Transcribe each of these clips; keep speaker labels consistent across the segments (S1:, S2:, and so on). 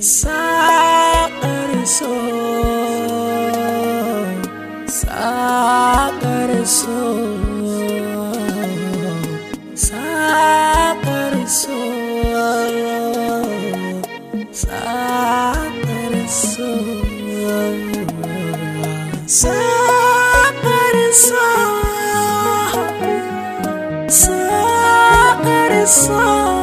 S1: Sacar sou, sacar sou, sacar sou, sacar sou, sacar sou, sacar sou.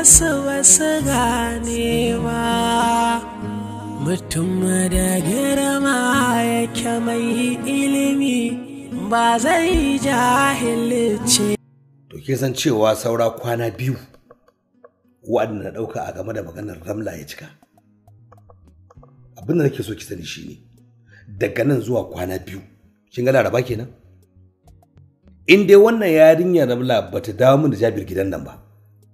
S1: wasu wasu ganewa mutum da girma yake mai ilimi ba zai jahilce
S2: to ke san cewa saura kwana biyu waɗanda na ɗauka a game da maganar ramla ya cika abin da nake so ki sani shine daga nan zuwa kwana biyu kin ga laraba kenan in dai wannan yarinyar ramla bata dawo min da jabir gidan nan ba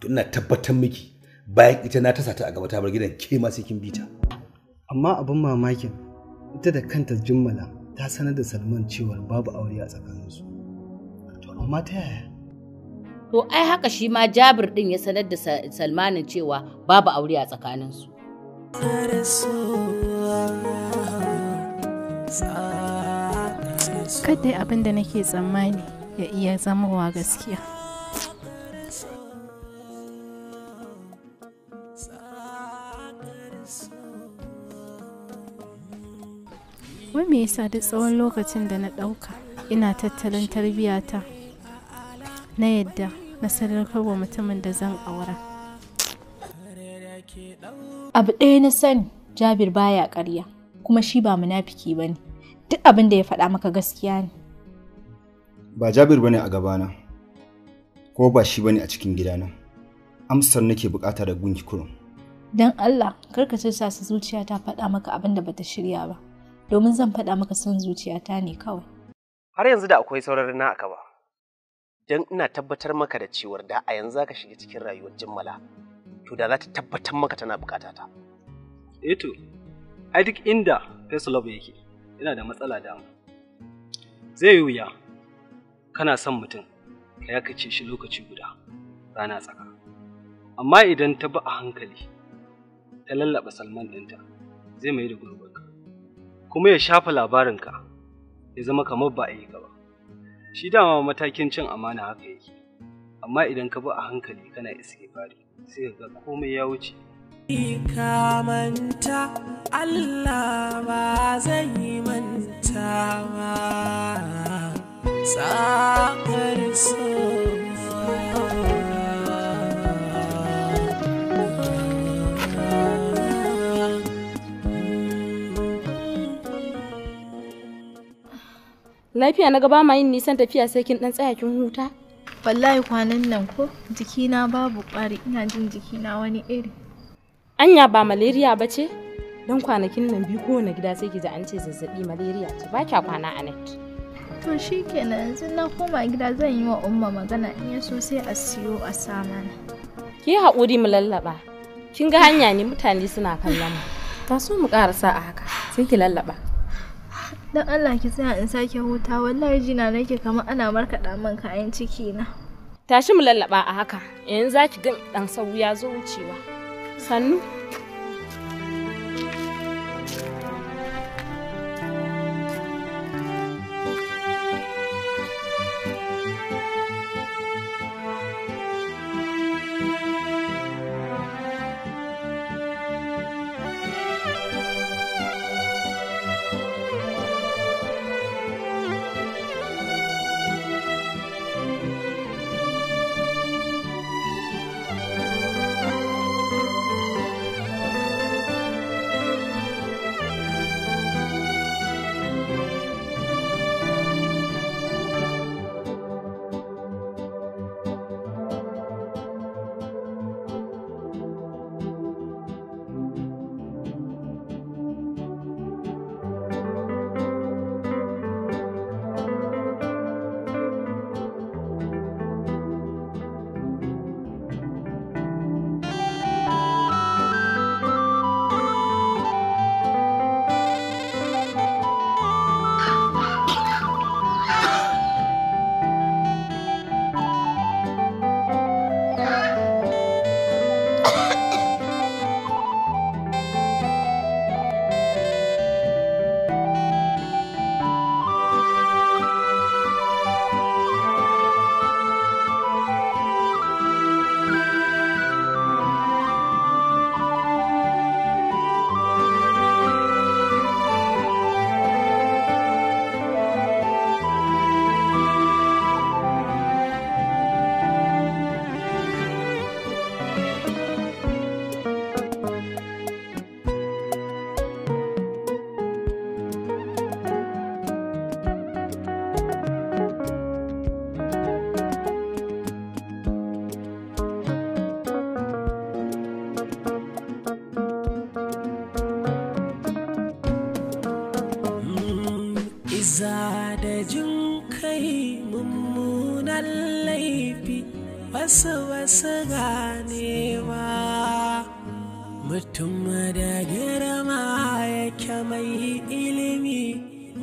S2: to ina tabbatar miki bayan ita na tasa ta a gaba ta bar gidan ke ma sai kin bi ta amma abin
S3: mamakin ita da kanta jummala ta sanar da salman cewa babu aure a tsakaninsu to amma ta yaya
S4: to ai haka shi ma jabir din ya sanar da salmanin cewa babu aure a tsakaninsu
S5: kada abin da nake tsammani ya iya zamowa gaskiya wai me yasa duk tsawon lokacin da na ɗauka ina tattalin tarbiyyata na yadda na sadaukar wa mutumin da zan aura abu ɗaya na sani jabir baya ƙarya kuma shi ba munafiki ba ne duk abin da ya faɗa maka gaskiya ne
S3: ba jabir ba ne a gabana ko ba shi ba ne a cikin gidana amsar nake bukata da gunki kurum
S5: don allah karka sa su zuciya ta faɗa maka abin da bata shirya ba domin zan faɗa maka son zuciyata ne kawai.
S6: Har yanzu da akwai sauraron na aka ba, don ina tabbatar maka da cewar da a yanzu ka shiga cikin rayuwar jimmala, to da za ta tabbatar maka tana bukata ta. Eh Eto, ai duk inda face yake, yana da matsala da Zai yi wuya, kana son mutum, ka kace shi lokaci guda, rana tsaka. Amma idan ta bi a hankali, ta lallaba salman ɗinta, zai mai da gurgurta. kuma ya shafa labarinka ya zama kamar ba a yi ka ba shi dama matakin cin amana haka yake amma idan ka bi a hankali kana iske fari sai ka ga komai ya wuce
S1: ka manta Allah ba zai manta ba so
S4: lafiya na gaba ma yin nisan
S5: tafiya sai kin dan tsaya kin huta wallahi kwanan nan ko jikina babu ƙwari ina jin jikina wani iri
S4: anya ba malaria ba ce dan kwanakin nan biyu kowane gida sai ki ji an ce zazzabi malaria ce ba kya kwana a net
S5: to shikenan yanzu na koma gida zan yi wa umma magana in ya so sai a siyo a sama
S4: ki haƙuri mu lallaba kin ga hanya ne mutane suna kallon mu ta so mu ƙarasa a haka sai ki lallaɓa.
S5: don Allah ki tsaya in sake huta wallahi jina nake kamar ana markaɗa man kayan ciki na
S4: tashi mu lallaba a haka yanzu zaki ga dan sau ya zo wucewa sannu
S1: wasu wasu ganewa mutum da girma yake mai ilimi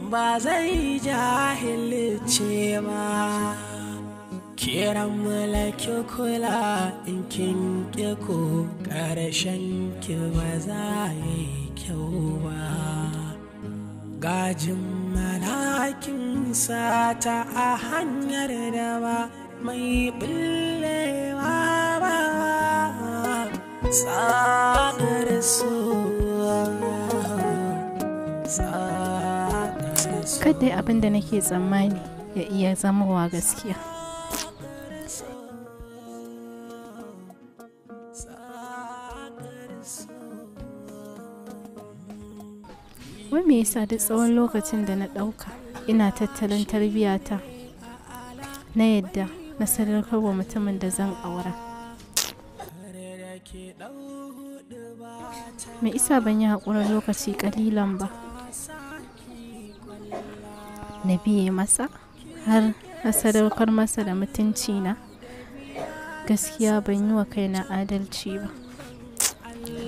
S1: ba zai jahilce ba kiran mulki kula in kin ƙi ko ƙarshen ki ba za yi kyau ba gajin malakin sata a hanyar da ba mai bil
S5: kada abin da nake tsammani ya iya zamowa gaskiya wai me yasa da tsawon lokacin da na ɗauka ina tattalin tarbiyyata na yadda na sadarkarwa mutumin da zan aura mai isa ban yi haƙurar lokaci ƙalilan ba na biye masa har na sadaukar masa da mutunci na gaskiya ban yi wa kaina
S1: adalci ba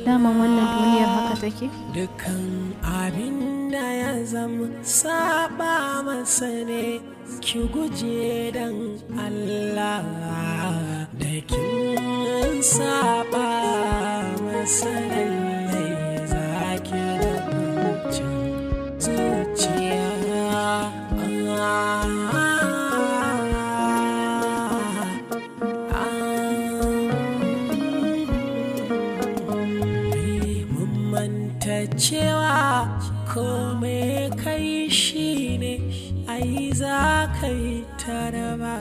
S1: dama wannan duniyar haka take dukkan abin da ya zama saba masa ne ki guje dan allah da kin saba masa ne tarba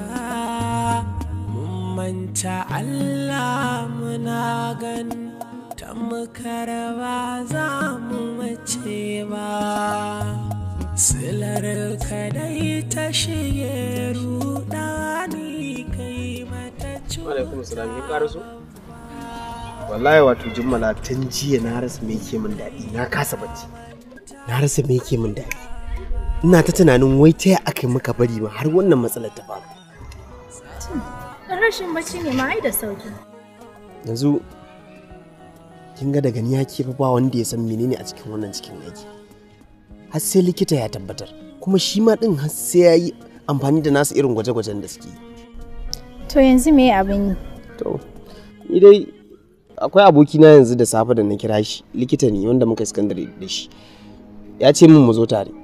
S1: mun manta Allah muna gan ta karba za mu mace ba silar kadai ta shige ni kai mata
S6: cuwa alaikum salam kin karasu wallahi wato jummala tun jiya na rasa me yake min daɗi na kasa bacci na rasa me yake min daɗi ina ta tunanin wai ta aka muka bari ma har wannan matsalar ta faru
S5: rashin bacci ne ma ai da sauki
S6: yanzu kin ga daga ni ke ba wanda ya san menene a cikin wannan cikin yake har sai likita ya tabbatar kuma shi ma din har sai ya yi amfani da nasu irin gwaje-gwajen da suke
S5: to yanzu me abin yi
S6: to ni dai akwai aboki na yanzu da safe da na kira shi likita ne wanda muka iskandare da shi ya ce min mu zo tare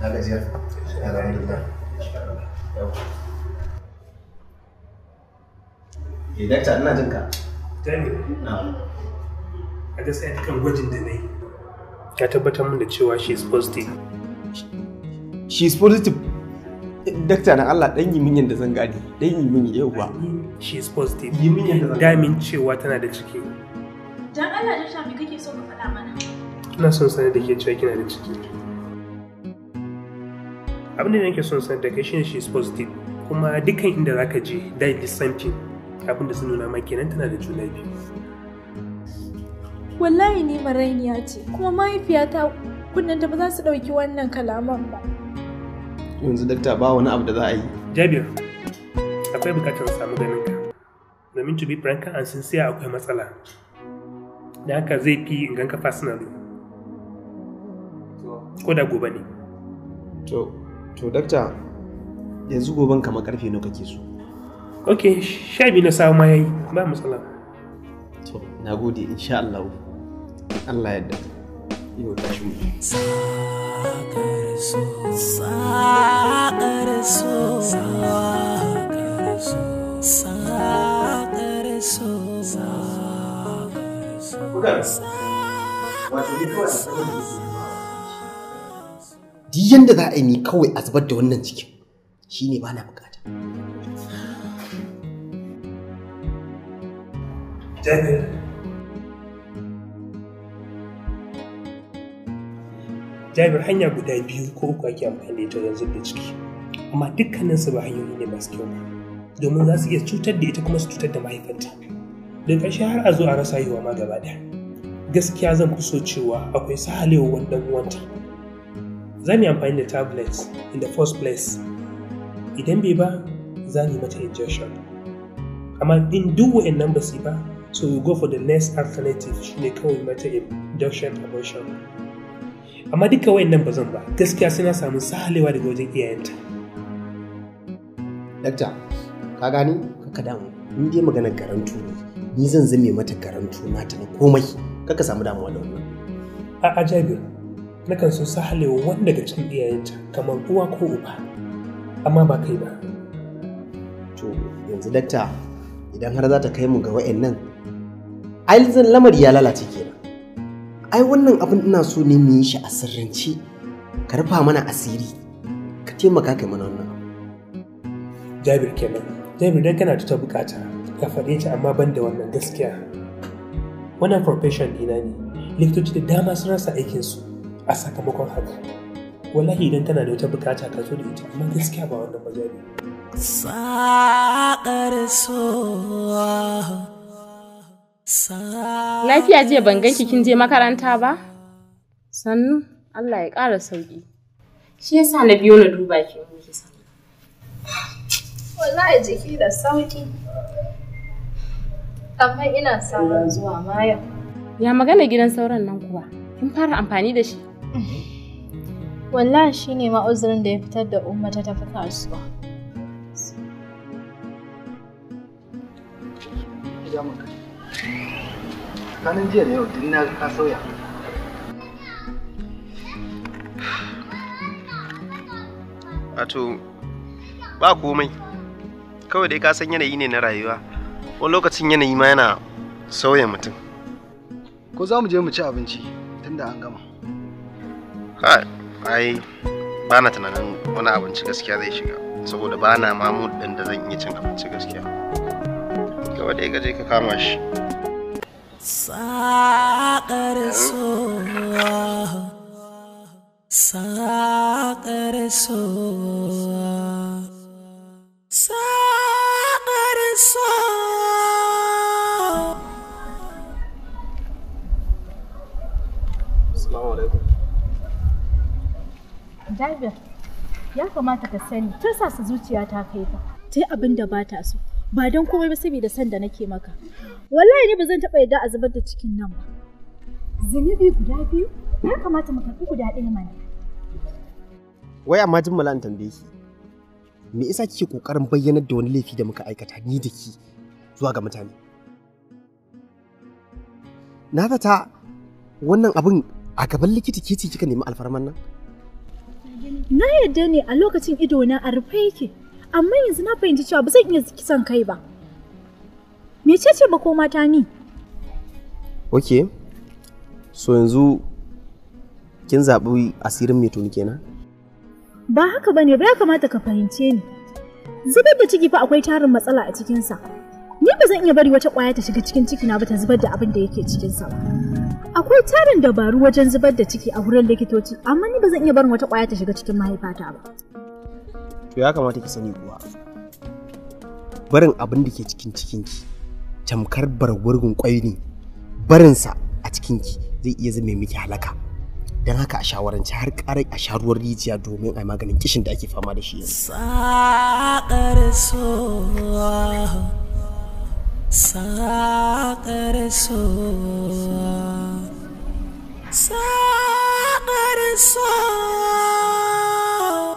S1: na gajiyar alhamdulillah
S6: eh, dakta ina jin ka gwajin da ya tabbatar min da cewa dakta na Allah ɗan yi min zan gane ɗan yi min yau she is damin cewa tana da ciki
S5: dan Allah da shafi kake so ka faɗa mana
S7: ina son sanar da ke cewa kina da ciki abin da nake son san daga shi shine she is positive kuma dukkan inda zaka je that is something abin da sun nuna ma kenan tana da juna biyu
S5: wallahi ni marainiya ce kuma mahaifiyata kunnanta ba za su ɗauki wannan kalaman ba
S6: yanzu dakta ba wani abu da za a yi jabir
S7: akwai bukatar samu ganin ka domin to be frank and sincere akwai matsala da haka zai fi in ganka
S6: personally ko da gobe ne to to dakta yanzu goben kamar karfe nawa kake so ok
S7: sha biyu
S6: na samu yayi ba matsala to na gode insha Allah Allah
S1: yadda yau shi mu Sakar so, sakar so, sakar so, sakar so. Wato, ni
S6: duk yanda za a yi ni kawai a zubar da wannan cikin ne ba na bukata
S7: jami'ar hanya guda biyu ko uku ake amfani da wajen ciki amma dukkanin su ba hanyoyi ne masu kyau ba domin za su iya cutar da ita kuma su cutar da mahaifanta, da ƙarshe har a zo a rasa haihuwa ma gaba ɗaya gaskiya zan fi so cewa akwai sahalewar ɗan uwanta za mu yi amfani da tablet in the first place idan bai ba za mu yi mata injection amma in duk wa'annan ba su ba so we go for the next alternative shine kawai mata induction abortion amma duka wa'annan ba zan ba gaskiya suna samun sahalewa daga wajen
S6: iyayenta dakta ka gani kaka damu in dai maganar karantu ne ni zan zame mata karantu mata na komai kaka samu damuwa da wannan a ajabi nakan so halewa wani daga cikin iyayenta kamar uwa ko uba amma ba kai ba to yanzu datta idan har za ta kai mu ga wa'annan ai zan lamari ya lalace kenan ai wannan abin ina so ne mu yi shi a sirrance ka rufa mana asiri ka taimaka kai mana wannan jabir kenan jabir dan kana ta bukata
S7: ka faɗe ta amma ban da wannan gaskiya wannan profession dina ne likitoci da dama sun rasa aikinsu a sakamakon haka wallahi idan tana da wata bukata ka zo da ita amma gaskiya ba wannan ba zabi
S4: lafiya jiya ban ganki kin je makaranta ba sannu Allah ya ƙara sauki shi yasa na biyo na duba ki muke sannu
S5: wallahi jiki da sauki amma ina sauran zuwa mayo
S4: ya magana gidan sauran nan kuwa kin fara amfani da shi Wallahi shi ne ma'uzurin da ya
S5: fitar da Umma ta tafi kasuwa.
S3: Kanin jiya da yau duk na ka sauya.
S6: Wato ba komai. Kawai dai ka san yanayi ne na rayuwa. Wani lokacin yanayi ma yana sauya mutum.
S8: Ko za mu je mu ci abinci
S6: tunda an gama. kai ai ba na tunanin wani abinci gaskiya zai shiga saboda ba na mamu ɗin da zan iya cin abinci gaskiya gaba da gaje ka
S8: kama shi
S1: saƙar saƙar
S5: ya kamata ka sani tun sa su zuciya ta kai ka ta abin da ba ta so ba don komai ba saboda san da nake maka wallahi ni ba zan taɓa yadda a zubar da cikin nan ba zunubi guda biyu ya kamata mu karɓi guda ɗaya mana
S6: wai amma jin mala tambaye ki me yasa kike kokarin bayyanar da wani laifi da muka aikata ni da ki zuwa ga mutane na zata wannan abin a gaban likita ke ce kika nemi alfarman nan
S5: na yadda ne a lokacin ido na a rufe yake amma yanzu na fahimci cewa ba zan iya kisan kai ba Me ce ce ba ko mata ni
S6: ok so yanzu kin zaɓi asirin mai tuni kenan
S5: ba haka ba ne ba ya kamata ka fahimce ni zubar da ciki fa akwai tarin matsala a cikinsa Ni ba zan iya bari wata kwaya ta shiga cikin cikina ba ta zubar da abin da yake cikinsa ba. Akwai tarin dabaru wajen zubar da ciki a wurin likitoci, amma ni ba zan iya barin wata kwaya ta shiga cikin mahaifata ba.
S6: To ya kamata ki sani kuwa. Barin abin da ke cikin cikinki tamkar bargurgun kwai ne. Barinsa a cikinki zai iya zama miki halaka. don haka a shawarance har ƙarar a sharuwar rijiya domin a maganin kishin da ake fama da shi yanzu.
S1: saƙar so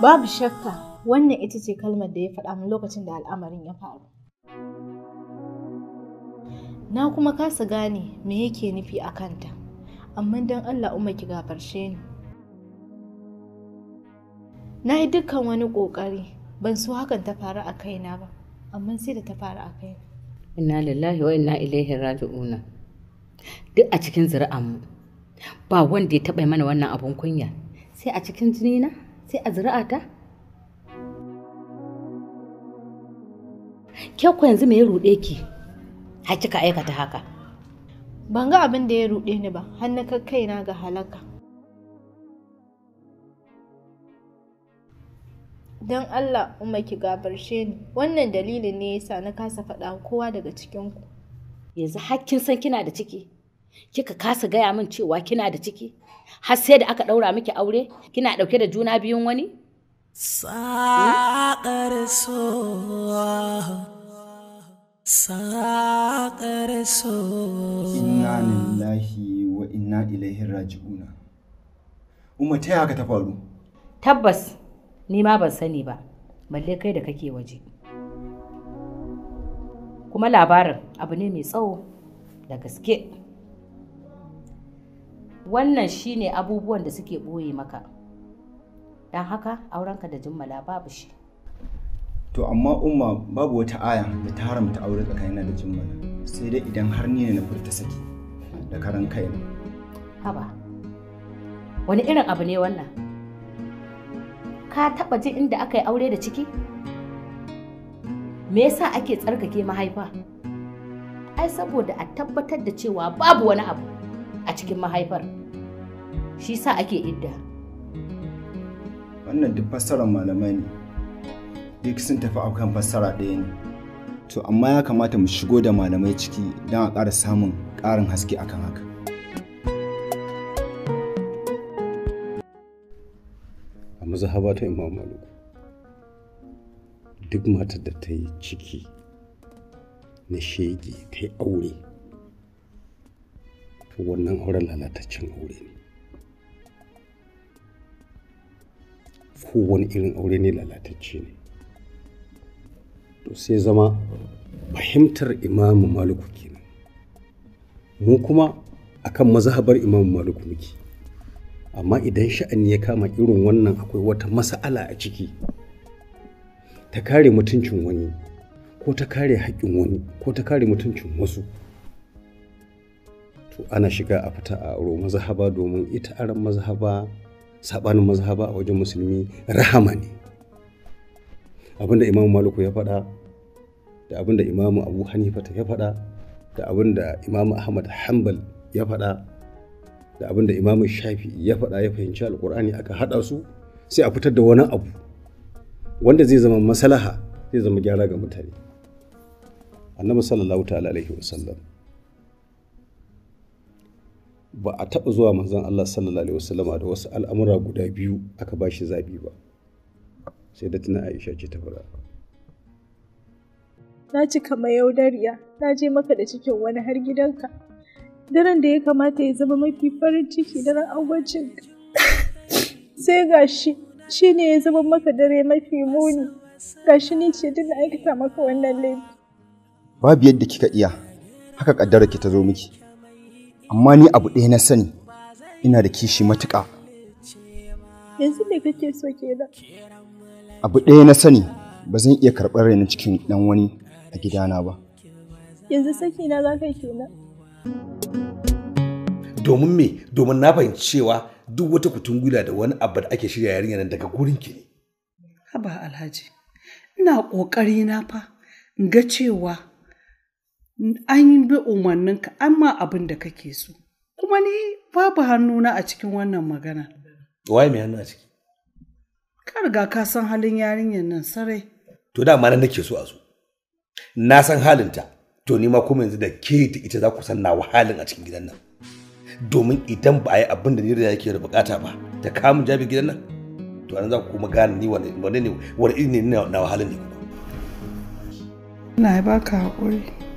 S1: babu
S5: shakka wannan ita ce kalmar da ya faɗa min lokacin da al'amarin ya faru na kuma kasa gane me yake nufi a kanta amma don allah umar ki gafarshe ni na yi dukkan wani ƙoƙari ban so hakan ta faru a kaina ba amma sai da ta faru a kaina
S4: inna lillahi wa inna ilaihi raji'una duk a cikin mu ba wanda ya taɓa mana wannan abun kunya sai a cikin jini na sai a zuri'ata ke ku yanzu me ya ruɗe ki har kika aikata haka
S5: ban ga abin da ya ruɗe ni ba har kai kaina ga halaka don Allah umma ki gabarshe ni wannan dalilin ne yasa na kasa faɗa kowa daga
S4: cikin ku yanzu har kin san kina da ciki kika kasa gaya min cewa kina da ciki har sai da aka ɗaura miki aure kina ɗauke da juna biyun wani
S1: Saƙar so saƙar so lillahi wa
S3: inna ilaihi raji'una umma ta haka ta faru
S4: tabbas ni ma ban sani ba balle kai da kake waje kuma labarin abu ne mai tsawo da gaske wannan shine abubuwan da suke ɓoye maka don haka aurenka da jummala babu shi
S3: to amma umma babu wata aya da ta haramta aure tsakanina da jummala sai dai idan har ni ne na furta saki da karan kaina
S4: haba wani irin abu ne wannan ka taba jin inda aka yi aure da ciki me yasa ake tsarkake mahaifa ai saboda a tabbatar da cewa babu wani abu a cikin mahaifar shi sa ake idda
S3: wannan duk fassarar malamai ne duk sun tafi akan fassara ɗaya ne to amma ya kamata mu shigo da malamai ciki don a ƙara samun ƙarin haske akan haka ba ta imam mamalu
S8: duk mata da ta yi ciki na shege ta yi aure to wannan auren lalataccen aure ne ko Wani irin aure ne lalatacce ne to sai zama fahimtar imamu maluku kenan mu kuma akan mazhabar imamu maliku muke amma idan sha'ani ya kama irin wannan akwai wata masa'ala a ciki ta kare mutuncin wani ko ta kare haƙƙin wani ko ta kare mutuncin wasu to ana shiga a fita a aro mazhaba domin ita aron mazhaba sabanin mazhaba a wajen musulmi rahama ne abinda imamu maluku ya faɗa da abinda imamu abu hanifata ya faɗa da abinda imamu ahmad hanbal ya faɗa da abin da imamu shafi ya faɗa ya fahimci alkur'ani aka haɗa su sai a fitar da wani abu wanda zai zama masalaha zai zama gyara ga mutane annabi sallallahu ta'ala alaihi wasallam ba a taɓa zuwa manzon Allah sallallahu alaihi wasallam da wasu al'amura guda biyu aka ba shi ba sai da tuna Aisha ce ta fara
S5: na cika mai yaudariya na je maka da cikin wani har gidanka daren da ya kamata ya zama mafi farin ciki daren agwajin sai ga shi shi ne ya zama maka dare mafi muni ga shi ne ce duk aikata maka wannan laifi
S3: babu yadda kika iya haka kaddara ki ta zo miki amma ni abu ɗaya na sani ina da kishi matuƙa
S5: yanzu me kake so ke da.
S3: abu ɗaya na sani ba zan iya karɓar raina cikin ɗan wani a gidana ba
S5: yanzu saki na za ka kenan
S2: domin me domin na fahimci cewa duk wata kutungula da wani abu da ake shirya yarinya nan daga gurin ki ne
S6: haba alhaji ina kokari na fa ga cewa an yi bi umarninka an ma abin da kake so kuma ni babu hannuna a cikin wannan magana
S2: waye mai hannu a ciki
S6: ka riga ka san halin yarinyar nan sarai
S2: to dama nan nake so a so na san halinta to ni ma kuma yanzu da ke da ita za ku san na wahalin a cikin gidan nan domin idan ba a yi abin da ni da yake da bukata ba ta kamun jabi gidan nan to an za ku kuma gane ni wani ne wani ne na wahalin ne kuma
S3: ina baka haƙuri